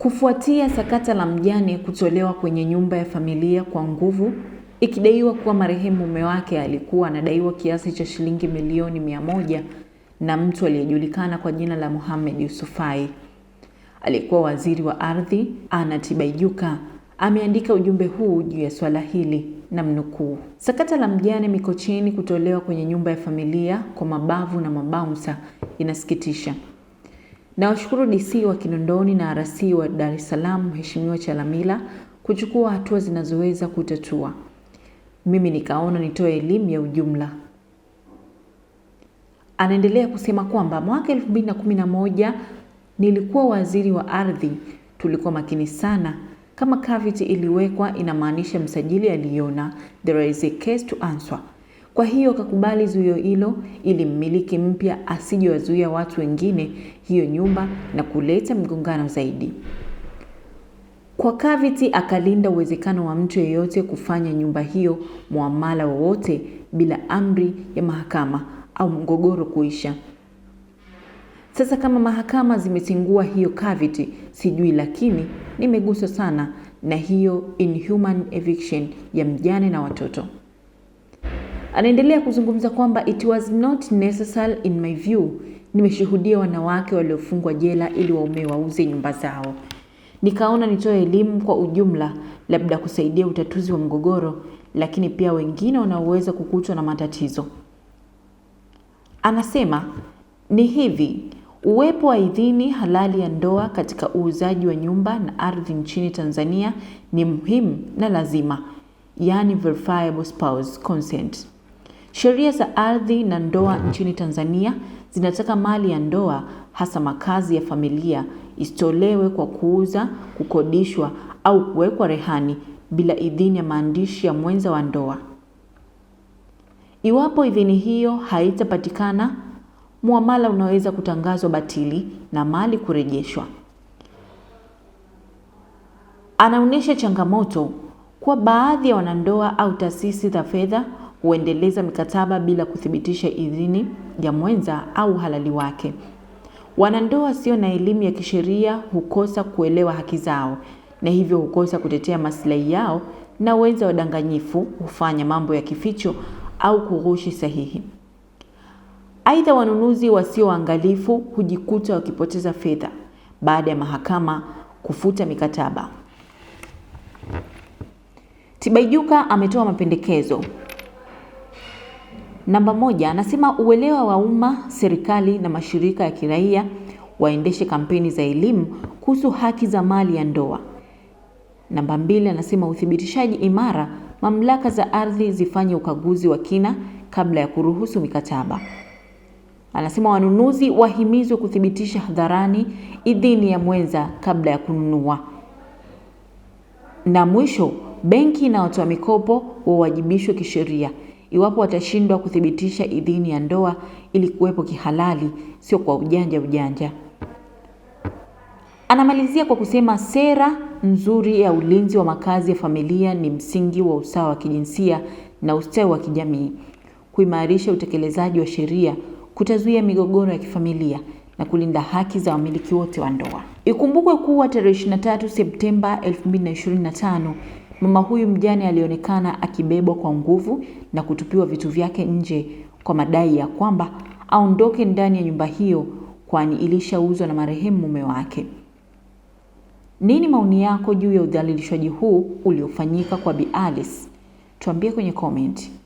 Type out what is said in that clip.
kufuatia sakata la mjane kutolewa kwenye nyumba ya familia kwa nguvu ikidaiwa kuwa marehemu mume wake alikuwa anadaiwa kiasi cha shilingi milioni mia moja na mtu aliyejulikana kwa jina la Mohamed Yusufai. Aliyekuwa waziri wa ardhi ana Tibaijuka ameandika ujumbe huu juu ya swala hili na mnukuu, sakata la mjane Mikocheni kutolewa kwenye nyumba ya familia kwa mabavu na mabaunsa inasikitisha. Nawashukuru DC wa Kinondoni na RC wa Dar es Salaam Mheshimiwa Chalamila kuchukua hatua zinazoweza kutatua. Mimi nikaona nitoe elimu ya ujumla. Anaendelea kusema kwamba mwaka 2011 nilikuwa waziri wa ardhi, tulikuwa makini sana. Kama cavity iliwekwa, inamaanisha msajili aliona, there is a case to answer. Kwa hiyo kakubali zuio hilo ili mmiliki mpya asije wazuia watu wengine hiyo nyumba na kuleta mgongano zaidi. Kwa Kaviti akalinda uwezekano wa mtu yeyote kufanya nyumba hiyo muamala wowote bila amri ya mahakama au mgogoro kuisha. Sasa kama mahakama zimetingua hiyo Kaviti sijui, lakini nimeguswa sana na hiyo inhuman eviction ya mjane na watoto. Anaendelea kuzungumza kwamba it was not necessary in my view, nimeshuhudia wanawake waliofungwa jela ili waume wauze nyumba zao. Nikaona nitoe elimu kwa ujumla, labda kusaidia utatuzi wa mgogoro, lakini pia wengine wanaoweza kukutwa na matatizo. Anasema ni hivi, uwepo wa idhini halali ya ndoa katika uuzaji wa nyumba na ardhi nchini Tanzania ni muhimu na lazima, yani verifiable spouse consent. Sheria za ardhi na ndoa nchini Tanzania zinataka mali ya ndoa hasa makazi ya familia isitolewe kwa kuuza, kukodishwa au kuwekwa rehani bila idhini ya maandishi ya mwenza wa ndoa. Iwapo idhini hiyo haitapatikana, muamala unaweza kutangazwa batili na mali kurejeshwa. Anaonyesha changamoto kuwa baadhi ya wanandoa au taasisi za fedha huendeleza mikataba bila kuthibitisha idhini ya mwenza au uhalali wake. Wanandoa wasio na elimu ya kisheria hukosa kuelewa haki zao na hivyo hukosa kutetea maslahi yao, na wenza wadanganyifu hufanya mambo ya kificho au kughushi sahihi. Aidha, wanunuzi wasio waangalifu hujikuta wakipoteza fedha baada ya mahakama kufuta mikataba. Tibaijuka ametoa mapendekezo Namba moja, anasema uelewa wa umma, serikali na mashirika ya kiraia waendeshe kampeni za elimu kuhusu haki za mali ya ndoa. Namba mbili, anasema uthibitishaji imara, mamlaka za ardhi zifanye ukaguzi wa kina kabla ya kuruhusu mikataba. Anasema wanunuzi wahimizwe kuthibitisha hadharani idhini ya mwenza kabla ya kununua. Na mwisho, benki na watoa mikopo wawajibishwe kisheria iwapo watashindwa kuthibitisha idhini ya ndoa ili kuwepo kihalali, sio kwa ujanja ujanja. Anamalizia kwa kusema sera nzuri ya ulinzi wa makazi ya familia ni msingi wa usawa wa kijinsia na ustawi wa kijamii. Kuimarisha utekelezaji wa sheria kutazuia migogoro ya kifamilia na kulinda haki za wamiliki wote wa ndoa. Ikumbukwe kuwa tarehe 23 Septemba 2025 Mama huyu mjane alionekana akibebwa kwa nguvu na kutupiwa vitu vyake nje kwa madai ya kwamba aondoke ndani ya nyumba hiyo kwani ilishauzwa na marehemu mume wake. Nini maoni yako juu ya udhalilishwaji huu uliofanyika kwa Bi Alice? Tuambie kwenye comment.